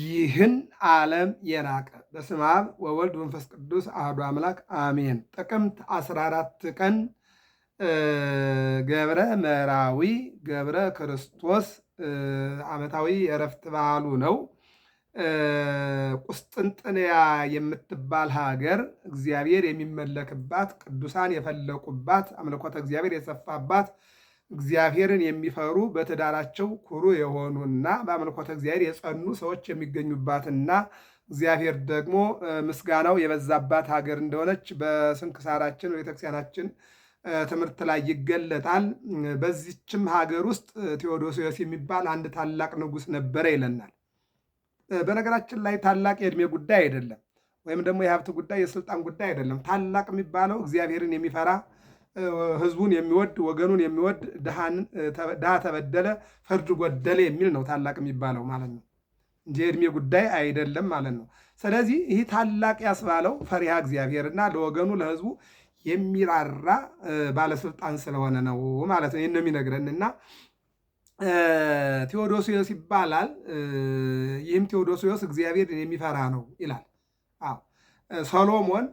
ይህን ዓለም የናቀ በስመ አብ ወወልድ መንፈስ ቅዱስ አህዱ አምላክ አሜን። ጥቅምት 14 ቀን ገብረ መራዊ ገብረ ክርስቶስ ዓመታዊ የእረፍት በዓሉ ነው። ቁስጥንጥንያ የምትባል ሀገር እግዚአብሔር የሚመለክባት ቅዱሳን የፈለቁባት አምልኮተ እግዚአብሔር የሰፋባት እግዚአብሔርን የሚፈሩ በትዳራቸው ኩሩ የሆኑና በአምልኮተ እግዚአብሔር የጸኑ ሰዎች የሚገኙባትና እግዚአብሔር ደግሞ ምስጋናው የበዛባት ሀገር እንደሆነች በስንክሳራችን ቤተክርስቲያናችን ትምህርት ላይ ይገለጣል። በዚችም ሀገር ውስጥ ቴዎዶሲዮስ የሚባል አንድ ታላቅ ንጉሥ ነበረ ይለናል። በነገራችን ላይ ታላቅ የእድሜ ጉዳይ አይደለም፣ ወይም ደግሞ የሀብት ጉዳይ፣ የስልጣን ጉዳይ አይደለም። ታላቅ የሚባለው እግዚአብሔርን የሚፈራ ህዝቡን የሚወድ ወገኑን የሚወድ ድሃ ተበደለ ፈርድ ጎደለ የሚል ነው ታላቅ የሚባለው ማለት ነው እንጂ የእድሜ ጉዳይ አይደለም ማለት ነው። ስለዚህ ይህ ታላቅ ያስባለው ፈሪሃ እና ለወገኑ ለህዝቡ የሚራራ ባለስልጣን ስለሆነ ነው ማለት ነው። ይህን ነው የሚነግረን እና ቴዎዶሲዮስ ይባላል። ይህም ቴዎዶሲዮስ እግዚአብሔርን የሚፈራ ነው ይላል። አዎ ሰሎሞን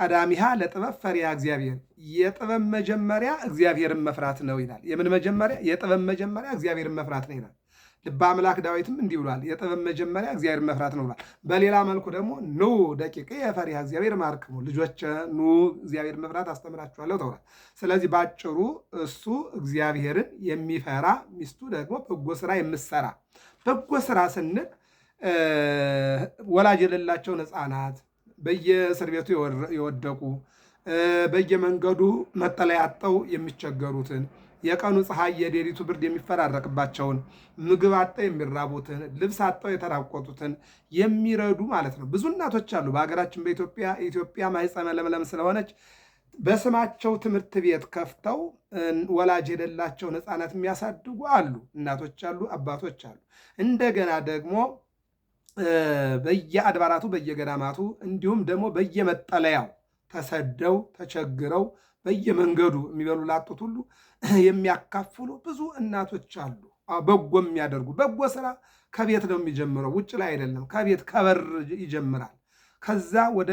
ቀዳሚሃ ለጥበብ ፈሪያ እግዚአብሔር፣ የጥበብ መጀመሪያ እግዚአብሔርን መፍራት ነው ይላል። የምን መጀመሪያ? የጥበብ መጀመሪያ እግዚአብሔርን መፍራት ነው ይላል። ልበ አምላክ ዳዊትም እንዲህ ብሏል፣ የጥበብ መጀመሪያ እግዚአብሔር መፍራት ነው ብሏል። በሌላ መልኩ ደግሞ ኑ ደቂቅ የፈሪሃ እግዚአብሔር ማርክሙ፣ ልጆች ኑ እግዚአብሔር መፍራት አስተምራችኋለሁ ተብሏል። ስለዚህ ባጭሩ እሱ እግዚአብሔርን የሚፈራ ሚስቱ ደግሞ በጎ ስራ የምትሰራ በጎ ስራ ስንል ወላጅ የሌላቸውን ሕፃናት በየእስር ቤቱ የወደቁ በየመንገዱ መጠለያ አጠው የሚቸገሩትን የቀኑ ፀሐይ የሌሊቱ ብርድ የሚፈራረቅባቸውን ምግብ አጥተው የሚራቡትን ልብስ አጥተው የተራቆጡትን የሚረዱ ማለት ነው። ብዙ እናቶች አሉ በሀገራችን በኢትዮጵያ ኢትዮጵያ ማኅፀነ ለምለም ስለሆነች በስማቸው ትምህርት ቤት ከፍተው ወላጅ የሌላቸውን ህፃናት የሚያሳድጉ አሉ። እናቶች አሉ፣ አባቶች አሉ። እንደገና ደግሞ በየአድባራቱ በየገዳማቱ እንዲሁም ደግሞ በየመጠለያው ተሰደው ተቸግረው በየመንገዱ የሚበሉ ላጡት ሁሉ የሚያካፍሉ ብዙ እናቶች አሉ። በጎ የሚያደርጉ በጎ ስራ ከቤት ነው የሚጀምረው፣ ውጭ ላይ አይደለም። ከቤት ከበር ይጀምራል። ከዛ ወደ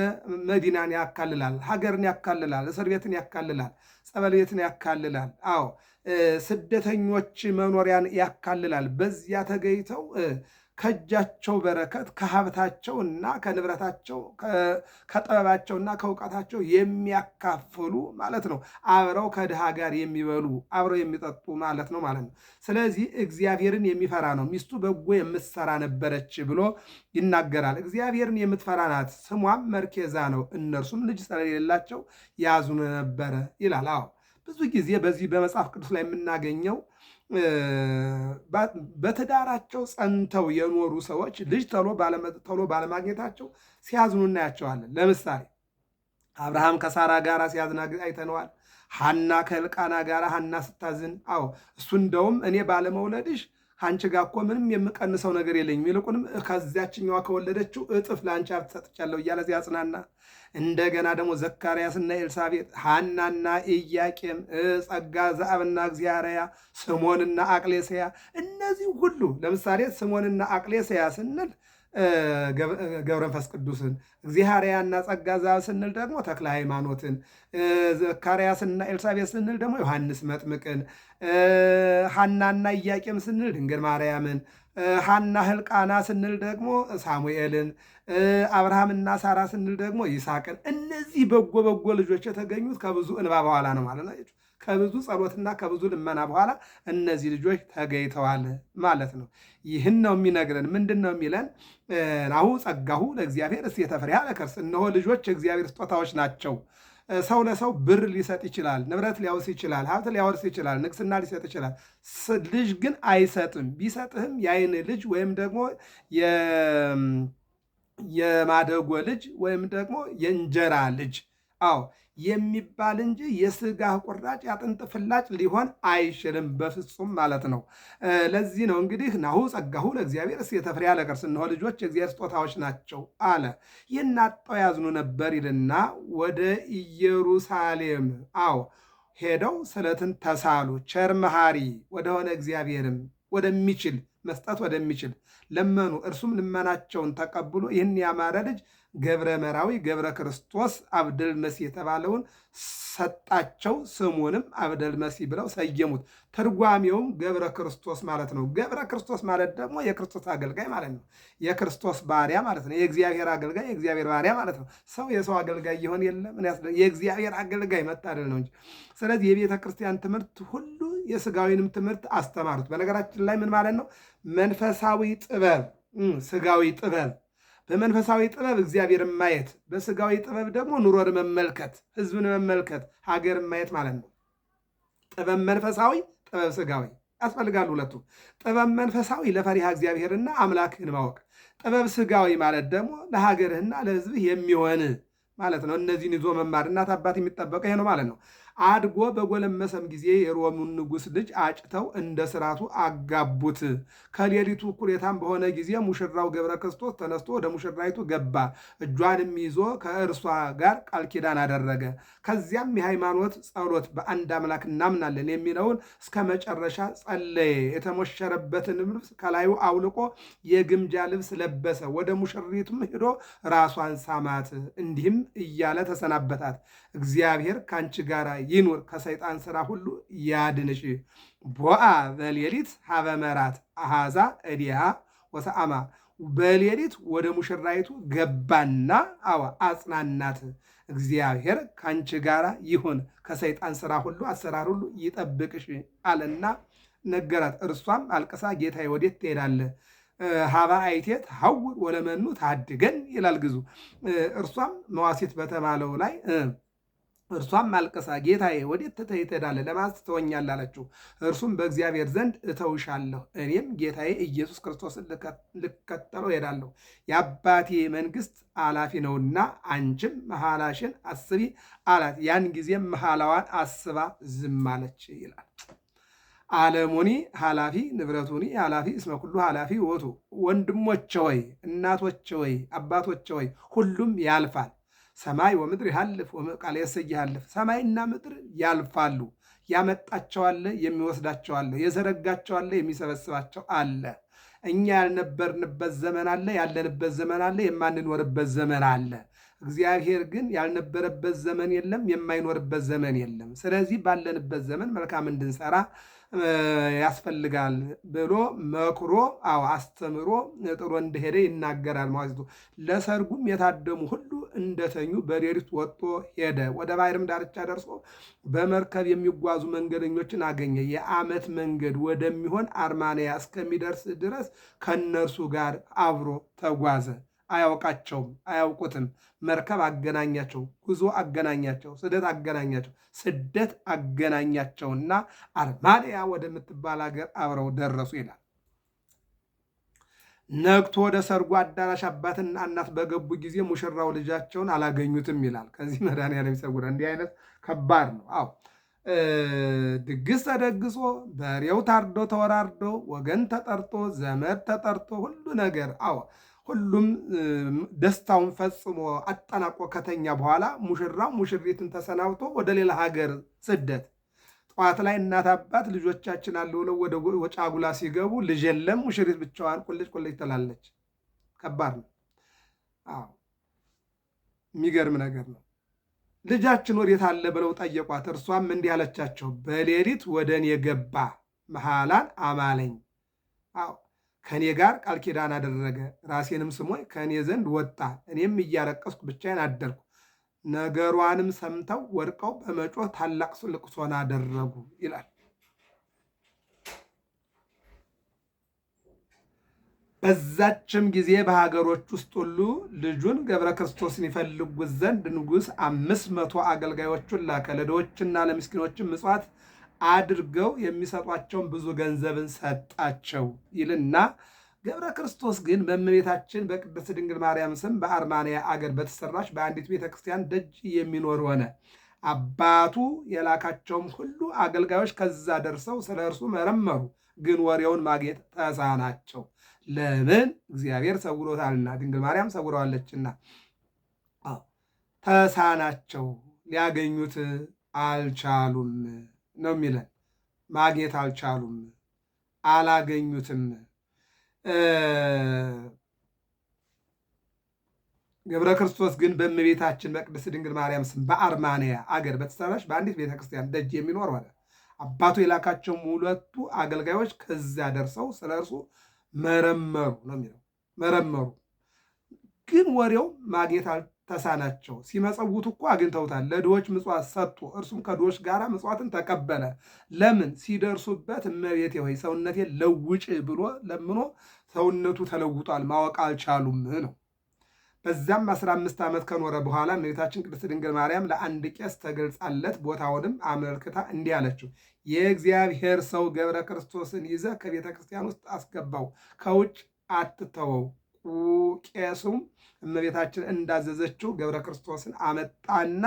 መዲናን ያካልላል፣ ሀገርን ያካልላል፣ እስር ቤትን ያካልላል፣ ጸበል ቤትን ያካልላል። አዎ ስደተኞች መኖሪያን ያካልላል። በዚያ ተገኝተው ከእጃቸው በረከት ከሀብታቸው እና ከንብረታቸው እና ከእውቀታቸው የሚያካፍሉ ማለት ነው። አብረው ከድሃ ጋር የሚበሉ አብረው የሚጠጡ ማለት ነው ማለት ነው። ስለዚህ እግዚአብሔርን የሚፈራ ነው። ሚስቱ በጎ የምትሰራ ነበረች ብሎ ይናገራል። እግዚአብሔርን የምትፈራ ናት፣ ስሟም መርኬዛ ነው። እነርሱም ልጅ ስለሌላቸው ያዙን ነበረ ይላል። አዎ ብዙ ጊዜ በዚህ በመጽሐፍ ቅዱስ ላይ የምናገኘው በትዳራቸው ጸንተው የኖሩ ሰዎች ልጅ ተሎ ባለማግኘታቸው ሲያዝኑ እናያቸዋለን። ለምሳሌ አብርሃም ከሳራ ጋር ሲያዝን አይተነዋል። ሐና ከልቃና ጋር ሐና ስታዝን፣ አዎ እሱ እንደውም እኔ ባለመውለድሽ አንቺ ጋ እኮ ምንም የምቀንሰው ነገር የለኝም፣ ይልቁንም ከዚያችኛዋ ከወለደችው እጥፍ ለአንቺ ሀብት ሰጥቻለሁ እያለ ሲያጽናና እንደገና ደግሞ ዘካርያስና ኤልሳቤጥ ሐናና ኢያቄም ጸጋ ዘአብና እግዚአርያ ስሞንና አቅሌስያ እነዚህ ሁሉ ለምሳሌ ስሞንና አቅሌስያ ስንል ገብረ መንፈስ ቅዱስን እግዚአርያና ጸጋ ዘአብ ስንል ደግሞ ተክለ ሃይማኖትን፣ ዘካርያስና ኤልሳቤት ስንል ደግሞ ዮሐንስ መጥምቅን፣ ሐናና እያቄም ስንል ድንግል ማርያምን፣ ሐና ህልቃና ስንል ደግሞ ሳሙኤልን፣ አብርሃምና ሳራ ስንል ደግሞ ይስሐቅን። እነዚህ በጎ በጎ ልጆች የተገኙት ከብዙ እንባ በኋላ ነው ማለት ነው። ከብዙ ጸሎትና ከብዙ ልመና በኋላ እነዚህ ልጆች ተገኝተዋል ማለት ነው። ይህን ነው የሚነግረን። ምንድን ነው የሚለን? ናሁ ጸጋሁ ለእግዚአብሔር እስቴተ ፍሬሃ ለከርስ። እነሆ ልጆች የእግዚአብሔር ስጦታዎች ናቸው። ሰው ለሰው ብር ሊሰጥ ይችላል፣ ንብረት ሊያውስ ይችላል፣ ሀብት ሊያወርስ ይችላል፣ ንግስና ሊሰጥ ይችላል። ልጅ ግን አይሰጥም። ቢሰጥህም የአይን ልጅ ወይም ደግሞ የማደጎ ልጅ ወይም ደግሞ የእንጀራ ልጅ አዎ የሚባል እንጂ የስጋ ቁራጭ የአጥንት ፍላጭ ሊሆን አይችልም በፍጹም ማለት ነው። ለዚህ ነው እንግዲህ ናሁ ጸጋሁ ለእግዚአብሔር እስከ የተፍሬ ያለቀር ስንሆ ልጆች የእግዚአብሔር ስጦታዎች ናቸው አለ። ይናጠው ያዝኑ ነበር ይልና ወደ ኢየሩሳሌም አዎ ሄደው ስለትን ተሳሉ። ቸር መሐሪ ወደሆነ እግዚአብሔርም ወደሚችል መስጠት ወደሚችል ለመኑ። እርሱም ልመናቸውን ተቀብሎ ይህን ያማረ ልጅ ገብረ መራዊ ገብረ ክርስቶስ አብደል መሲ የተባለውን ሰጣቸው። ስሙንም አብደል መሲ ብለው ሰየሙት። ትርጓሜውም ገብረ ክርስቶስ ማለት ነው። ገብረ ክርስቶስ ማለት ደግሞ የክርስቶስ አገልጋይ ማለት ነው። የክርስቶስ ባሪያ ማለት ነው። የእግዚአብሔር አገልጋይ፣ የእግዚአብሔር ባሪያ ማለት ነው። ሰው የሰው አገልጋይ ይሆን የለም። የእግዚአብሔር አገልጋይ መታደል ነው እንጂ። ስለዚህ የቤተ ክርስቲያን ትምህርት ሁሉ የስጋዊንም ትምህርት አስተማሩት። በነገራችን ላይ ምን ማለት ነው? መንፈሳዊ ጥበብ፣ ስጋዊ ጥበብ በመንፈሳዊ ጥበብ እግዚአብሔርን ማየት፣ በስጋዊ ጥበብ ደግሞ ኑሮን መመልከት፣ ህዝብን መመልከት፣ ሀገርን ማየት ማለት ነው። ጥበብ መንፈሳዊ፣ ጥበብ ስጋዊ ያስፈልጋሉ ሁለቱ። ጥበብ መንፈሳዊ ለፈሪሃ እግዚአብሔርና አምላክህን ማወቅ፣ ጥበብ ስጋዊ ማለት ደግሞ ለሀገርህና ለህዝብህ የሚሆን ማለት ነው። እነዚህን ይዞ መማር እናት አባት የሚጠበቀ ይሄ ነው ማለት ነው። አድጎ በጎለመሰም ጊዜ የሮምን ንጉሥ ልጅ አጭተው እንደ ስርዓቱ አጋቡት። ከሌሊቱ እኩሌታም በሆነ ጊዜ ሙሽራው ገብረ ክርስቶስ ተነስቶ ወደ ሙሽራይቱ ገባ። እጇንም ይዞ ከእርሷ ጋር ቃል ኪዳን አደረገ። ከዚያም የሃይማኖት ጸሎት በአንድ አምላክ እናምናለን የሚለውን እስከ መጨረሻ ጸለየ። የተሞሸረበትን ልብስ ከላዩ አውልቆ የግምጃ ልብስ ለበሰ። ወደ ሙሽሪቱም ሄዶ ራሷን ሳማት። እንዲህም እያለ ተሰናበታት እግዚአብሔር ከአንቺ ጋር ይኑር ከሰይጣን ስራ ሁሉ ያድንሽ። ቦአ በሌሊት ሀበ መራት አሃዛ እዲሃ ወሰአማ በሌሊት ወደ ሙሽራይቱ ገባና አዋ አጽናናት። እግዚአብሔር ከአንቺ ጋር ይሁን ከሰይጣን ስራ ሁሉ አሰራር ሁሉ ይጠብቅሽ አለና ነገራት። እርሷም አልቅሳ ጌታዬ ወዴት ትሄዳለህ? ሀባ አይቴት ሀውር ወለመኑ ታድገን ይላል ግዙ እርሷም መዋሴት በተባለው ላይ እርሷም አልቀሳ ጌታዬ ወዴት ትተህ ትሄዳለህ? ለማን ትተወኛለህ? አለችው። እርሱም በእግዚአብሔር ዘንድ እተውሻለሁ፣ እኔም ጌታዬ ኢየሱስ ክርስቶስን ልከተለው እሄዳለሁ። የአባቴ መንግሥት አላፊ ነውና አንቺም መሐላሽን አስቢ አላት። ያን ጊዜም መሐላዋን አስባ ዝም አለች ይላል። አለሙኒ ኃላፊ ንብረቱኒ ኃላፊ እስመ ኩሉ ኃላፊ ወቱ። ወንድሞቼ ወይ እናቶቼ ወይ አባቶቼ ወይ ሁሉም ያልፋል ሰማይ ወምድር ያልፍ ቃል የሰይ ያልፍ ሰማይና ምድር ያልፋሉ። ያመጣቸው አለ፣ የሚወስዳቸው የሚሰበስባቸው አለ። እኛ ያልነበርንበት ዘመን አለ፣ ያለንበት ዘመን አለ፣ የማንኖርበት ዘመን አለ። እግዚአብሔር ግን ያልነበረበት ዘመን የለም፣ የማይኖርበት ዘመን የለም። ስለዚህ ባለንበት ዘመን መልካም እንድንሰራ ያስፈልጋል ብሎ መክሮ አዎ አስተምሮ ጥሮ እንደሄደ ይናገራል መዋሥዕቱ። ለሰርጉም የታደሙ ሁሉ እንደተኙ በሌሊት ወጥቶ ሄደ። ወደ ባሕርም ዳርቻ ደርሶ በመርከብ የሚጓዙ መንገደኞችን አገኘ። የዓመት መንገድ ወደሚሆን አርማንያ እስከሚደርስ ድረስ ከነርሱ ጋር አብሮ ተጓዘ። አያውቃቸውም፣ አያውቁትም። መርከብ አገናኛቸው፣ ጉዞ አገናኛቸው፣ ስደት አገናኛቸው፣ ስደት አገናኛቸውና አርማድያ ወደምትባል ሀገር አብረው ደረሱ ይላል። ነግቶ ወደ ሰርጉ አዳራሽ አባትና እናት በገቡ ጊዜ ሙሽራው ልጃቸውን አላገኙትም ይላል። ከዚህ መድኃኒዓለም ይሰውረን። እንዲህ አይነት ከባድ ነው። አዎ ድግስ ተደግሶ በሬው ታርዶ ተወራርዶ ወገን ተጠርቶ ዘመድ ተጠርቶ ሁሉ ነገር አዎ ሁሉም ደስታውን ፈጽሞ አጠናቆ ከተኛ በኋላ ሙሽራው ሙሽሪትን ተሰናብቶ ወደ ሌላ ሀገር ስደት ጠዋት ላይ እናት አባት ልጆቻችን አለ ብለው ወደ ጫጉላ ሲገቡ ልጅ የለም፣ ሙሽሪት ብቻዋን ቁልጭ ቁልጭ ትላለች። ከባድ ነው። አዎ የሚገርም ነገር ነው። ልጃችን ወዴት አለ ብለው ጠየቋት። እርሷም እንዲህ አለቻቸው፣ በሌሊት ወደ እኔ ገባ መሐላን አማለኝ። አዎ ከእኔ ጋር ቃል ኪዳን አደረገ። ራሴንም ስሞ ከእኔ ዘንድ ወጣ። እኔም እያለቀስኩ ብቻዬን አደርኩ። ነገሯንም ሰምተው ወድቀው በመጮህ ታላቅ ልቅሶን አደረጉ ይላል። በዛችም ጊዜ በሀገሮች ውስጥ ሁሉ ልጁን ገብረ ክርስቶስን ይፈልጉት ዘንድ ንጉሥ አምስት መቶ አገልጋዮቹን ላከ። ለድሆችና ለምስኪኖችን ምጽዋት አድርገው የሚሰጧቸውን ብዙ ገንዘብን ሰጣቸው ይልና ገብረ ክርስቶስ ግን በእመቤታችን በቅድስት ድንግል ማርያም ስም በአርማንያ አገር በተሰራች በአንዲት ቤተ ክርስቲያን ደጅ የሚኖር ሆነ። አባቱ የላካቸውም ሁሉ አገልጋዮች ከዛ ደርሰው ስለ እርሱ መረመሩ፣ ግን ወሬውን ማግኘት ተሳናቸው። ለምን? እግዚአብሔር ሰውሮታልና፣ ድንግል ማርያም ሰውረዋለችና። ተሳናቸው፣ ሊያገኙት አልቻሉም። ነው የሚለን። ማግኘት አልቻሉም፣ አላገኙትም። ገብረ ክርስቶስ ግን በእመቤታችን በቅድስት ድንግል ማርያም ስም በአርማንያ አገር በተሰራች በአንዲት ቤተክርስቲያን ደጅ የሚኖር ሆነ። አባቱ የላካቸው ሁለቱ አገልጋዮች ከዚያ ደርሰው ስለ እርሱ መረመሩ ነው የሚለው። መረመሩ ግን ወሬው ማግኘት ተሳናቸው። ሲመጸውቱ እኮ አግኝተውታል። ለድሆች ምጽዋት ሰጡ፣ እርሱም ከድሆች ጋር ምጽዋትን ተቀበለ። ለምን ሲደርሱበት እመቤቴ ሆይ ሰውነቴ ለውጭ ብሎ ለምኖ ሰውነቱ ተለውጧል፣ ማወቅ አልቻሉም ነው። በዚያም አስራ አምስት ዓመት ከኖረ በኋላ እመቤታችን ቅድስት ድንግል ማርያም ለአንድ ቄስ ተገልጻለት ቦታውንም አመልክታ እንዲህ አለችው፣ የእግዚአብሔር ሰው ገብረ ክርስቶስን ይዘህ ከቤተ ክርስቲያን ውስጥ አስገባው፣ ከውጭ አትተወው ቄሱም እመቤታችን እንዳዘዘችው ገብረ ክርስቶስን አመጣና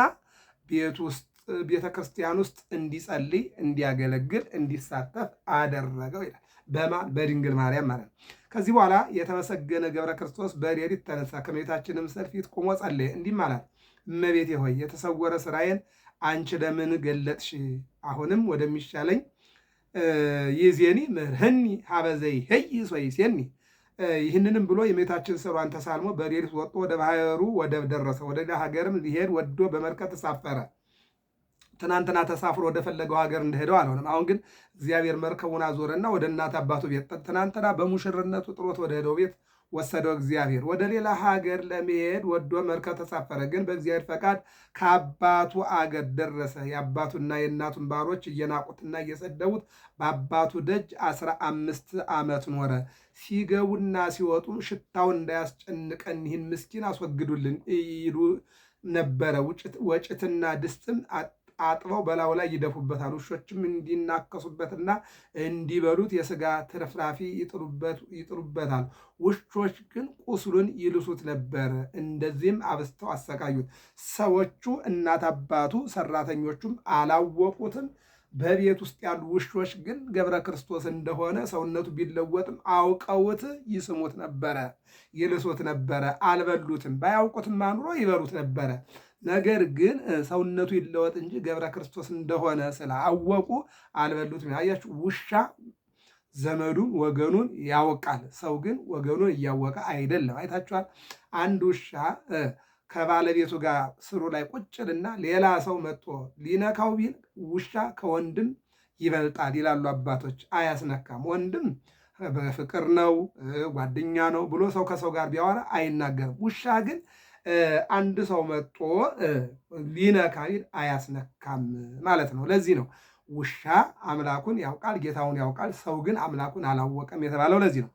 ቤት ውስጥ ቤተ ክርስቲያን ውስጥ እንዲጸልይ፣ እንዲያገለግል፣ እንዲሳተፍ አደረገው ይላል። በማን በድንግል ማርያም ማለት ነው። ከዚህ በኋላ የተመሰገነ ገብረ ክርስቶስ በሌሊት ተነሳ፣ ከእመቤታችንም ምስል ፊት ቆሞ ጸለየ። እንዲህ ማለት እመቤቴ ሆይ የተሰወረ ስራዬን አንቺ ለምን ገለጥሽ? አሁንም ወደሚሻለኝ ይዜኒ ምህርህኒ ሀበዘይ ህይ ሶይ ሴኒ ይህንንም ብሎ የእመቤታችን ስዕሏን ተሳልሞ በሌሊት ወጥቶ ወደ ባህሩ ወደብ ደረሰ። ወደ ሌላ ሀገርም ሊሄድ ወዶ በመርከብ ተሳፈረ። ትናንትና ተሳፍሮ ወደፈለገው ሀገር እንደሄደው አልሆነም። አሁን ግን እግዚአብሔር መርከቡን አዞረና ወደ እናት አባቱ ቤት፣ ትናንትና በሙሽርነቱ ጥሎት ወደ ሄደው ቤት ወሰደው። እግዚአብሔር ወደ ሌላ ሀገር ለመሄድ ወዶ መርከብ ተሳፈረ። ግን በእግዚአብሔር ፈቃድ ከአባቱ አገር ደረሰ። የአባቱና የእናቱን ባሮች እየናቁትና እየሰደቡት በአባቱ ደጅ አስራ አምስት ዓመት ኖረ። ሲገቡና ሲወጡም ሽታው እንዳያስጨንቀን ይህን ምስኪን አስወግዱልን ይሉ ነበረ። ወጭትና ድስትም አጥበው በላዩ ላይ ይደፉበታል። ውሾችም እንዲናከሱበትና እንዲበሉት የስጋ ትርፍራፊ ይጥሩበታል። ውሾች ግን ቁስሉን ይልሱት ነበረ። እንደዚህም አብስተው አሰቃዩት። ሰዎቹ እናት አባቱ፣ ሰራተኞቹም አላወቁትም። በቤት ውስጥ ያሉ ውሾች ግን ገብረ ክርስቶስ እንደሆነ ሰውነቱ ቢለወጥም አውቀውት ይስሙት ነበረ፣ ይልሱት ነበረ፣ አልበሉትም። ባያውቁትም አኑሮ ይበሉት ነበረ። ነገር ግን ሰውነቱ ይለወጥ እንጂ ገብረ ክርስቶስ እንደሆነ ስላወቁ አልበሉትም። አያችሁ ውሻ ዘመዱን ወገኑን ያወቃል። ሰው ግን ወገኑን እያወቀ አይደለም። አይታችኋል። አንድ ውሻ ከባለቤቱ ጋር ስሩ ላይ ቁጭልና ሌላ ሰው መጥቶ ሊነካው ቢል ውሻ ከወንድም ይበልጣል ይላሉ አባቶች። አያስነካም። ወንድም በፍቅር ነው ጓደኛ ነው ብሎ ሰው ከሰው ጋር ቢያወራ አይናገርም። ውሻ ግን አንድ ሰው መጥቶ ሊነካ ቢል አያስነካም ማለት ነው። ለዚህ ነው ውሻ አምላኩን ያውቃል፣ ጌታውን ያውቃል፣ ሰው ግን አምላኩን አላወቀም የተባለው ለዚህ ነው።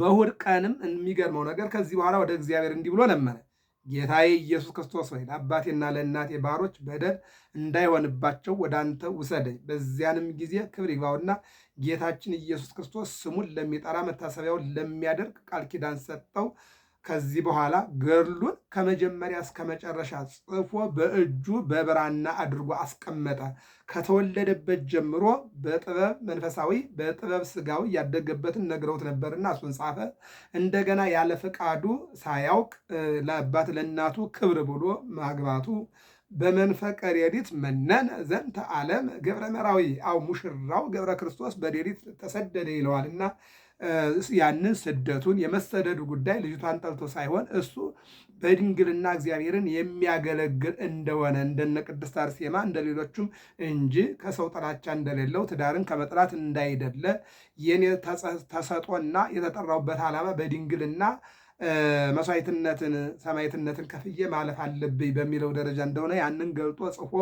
በእሑድ ቀንም የሚገርመው ነገር ከዚህ በኋላ ወደ እግዚአብሔር እንዲህ ብሎ ለመነ ጌታዬ ኢየሱስ ክርስቶስ ሆይ ለአባቴና ለእናቴ ባሮች በደል እንዳይሆንባቸው ወደ አንተ ውሰደኝ። በዚያንም ጊዜ ክብር ይግባውና ጌታችን ኢየሱስ ክርስቶስ ስሙን ለሚጠራ መታሰቢያውን ለሚያደርግ ቃል ኪዳን ሰጠው። ከዚህ በኋላ ገድሉን ከመጀመሪያ እስከ መጨረሻ ጽፎ በእጁ በብራና አድርጎ አስቀመጠ። ከተወለደበት ጀምሮ በጥበብ መንፈሳዊ በጥበብ ስጋዊ ያደገበትን ነግረውት ነበርና እሱን ጻፈ። እንደገና ያለ ፈቃዱ ሳያውቅ ለአባት ለእናቱ ክብር ብሎ ማግባቱ በመንፈቀ ሌሊት መነን ዘንተ ዓለም ገብረ መራዊ አው ሙሽራው ገብረ ክርስቶስ በሌሊት ተሰደደ ይለዋልና ያንን ስደቱን የመሰደዱ ጉዳይ ልጅቷን ጠልቶ ሳይሆን እሱ በድንግልና እግዚአብሔርን የሚያገለግል እንደሆነ እንደነ ቅድስት አርሴማ እንደሌሎቹም እንጂ ከሰው ጥላቻ እንደሌለው ትዳርን ከመጥላት እንዳይደለ የኔ ተሰጦና የተጠራውበት ዓላማ በድንግልና መስዋዕትነትን ሰማዕትነትን ከፍዬ ማለፍ አለብኝ በሚለው ደረጃ እንደሆነ ያንን ገልጦ ጽፎ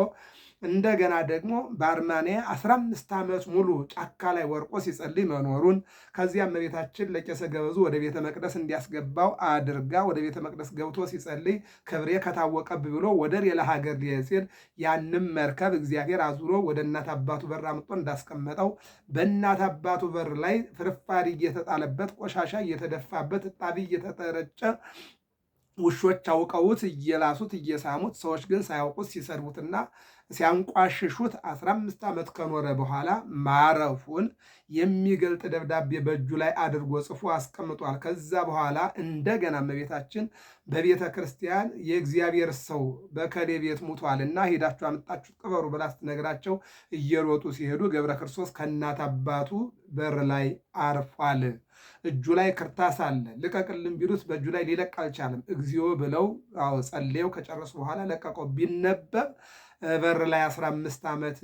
እንደገና ደግሞ በአርማንያ 15 ዓመት ሙሉ ጫካ ላይ ወርቆ ሲጸልይ መኖሩን ከዚያም እመቤታችን ለቄሰ ገበዙ ወደ ቤተ መቅደስ እንዲያስገባው አድርጋ ወደ ቤተ መቅደስ ገብቶ ሲጸልይ ክብሬ ከታወቀብ ብሎ ወደ ሌላ ሀገር ሊሄድ ያንም መርከብ እግዚአብሔር አዙሮ ወደ እናት አባቱ በር አምጦ እንዳስቀመጠው በእናት አባቱ በር ላይ ፍርፋሪ እየተጣለበት፣ ቆሻሻ እየተደፋበት፣ እጣቢ እየተጠረጨ ውሾች አውቀውት እየላሱት እየሳሙት፣ ሰዎች ግን ሳያውቁት ሲሰድቡትና ሲያንቋሽሹት 15 ዓመት ከኖረ በኋላ ማረፉን የሚገልጥ ደብዳቤ በእጁ ላይ አድርጎ ጽፎ አስቀምጧል። ከዛ በኋላ እንደገና እመቤታችን በቤተ ክርስቲያን የእግዚአብሔር ሰው በከሌ ቤት እና ሄዳችሁ አምጣችሁ ቅበሩ ብላ ስትነግራቸው እየሮጡ ሲሄዱ ገብረ ክርስቶስ ከእናት አባቱ በር ላይ አርፏል። እጁ ላይ ክርታስ አለ። ልቀቅልን ቢሉት በእጁ ላይ ሊለቅ አልቻለም። እግዚኦ ብለው ጸልየው ከጨረሱ በኋላ ለቀቀው። ቢነበብ በር ላይ አስራ አምስት ዓመት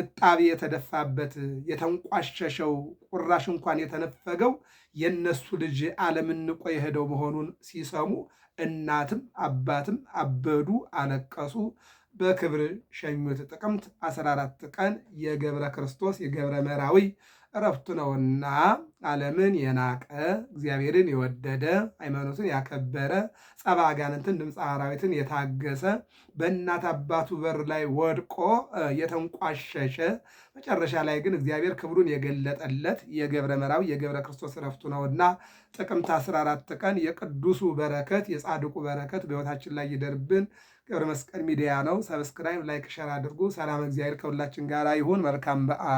እጣቢ የተደፋበት የተንቋሸሸው ቁራሽ እንኳን የተነፈገው የእነሱ ልጅ አለምንቆ የሄደው መሆኑን ሲሰሙ እናትም አባትም አበዱ፣ አለቀሱ። በክብር ሸኙት። ጥቅምት 14 ቀን የገብረ ክርስቶስ የገብረ መራዊ እረፍቱ ነውና ዓለምን የናቀ እግዚአብሔርን የወደደ ሃይማኖትን ያከበረ ጸባ አጋንንትን ድምፅ አራዊትን የታገሰ በእናት አባቱ በር ላይ ወድቆ የተንቋሸሸ መጨረሻ ላይ ግን እግዚአብሔር ክብሩን የገለጠለት የገብረ መራዊ የገብረ ክርስቶስ እረፍቱ ነውና ጥቅምት 14 ቀን የቅዱሱ በረከት የጻድቁ በረከት በሕይወታችን ላይ ይደርብን። ገብረ መስቀል ሚዲያ ነው። ሰብስክራይብ፣ ላይክ፣ ሸር አድርጉ። ሰላም እግዚአብሔር ከሁላችን ጋር ይሁን። መልካም በአ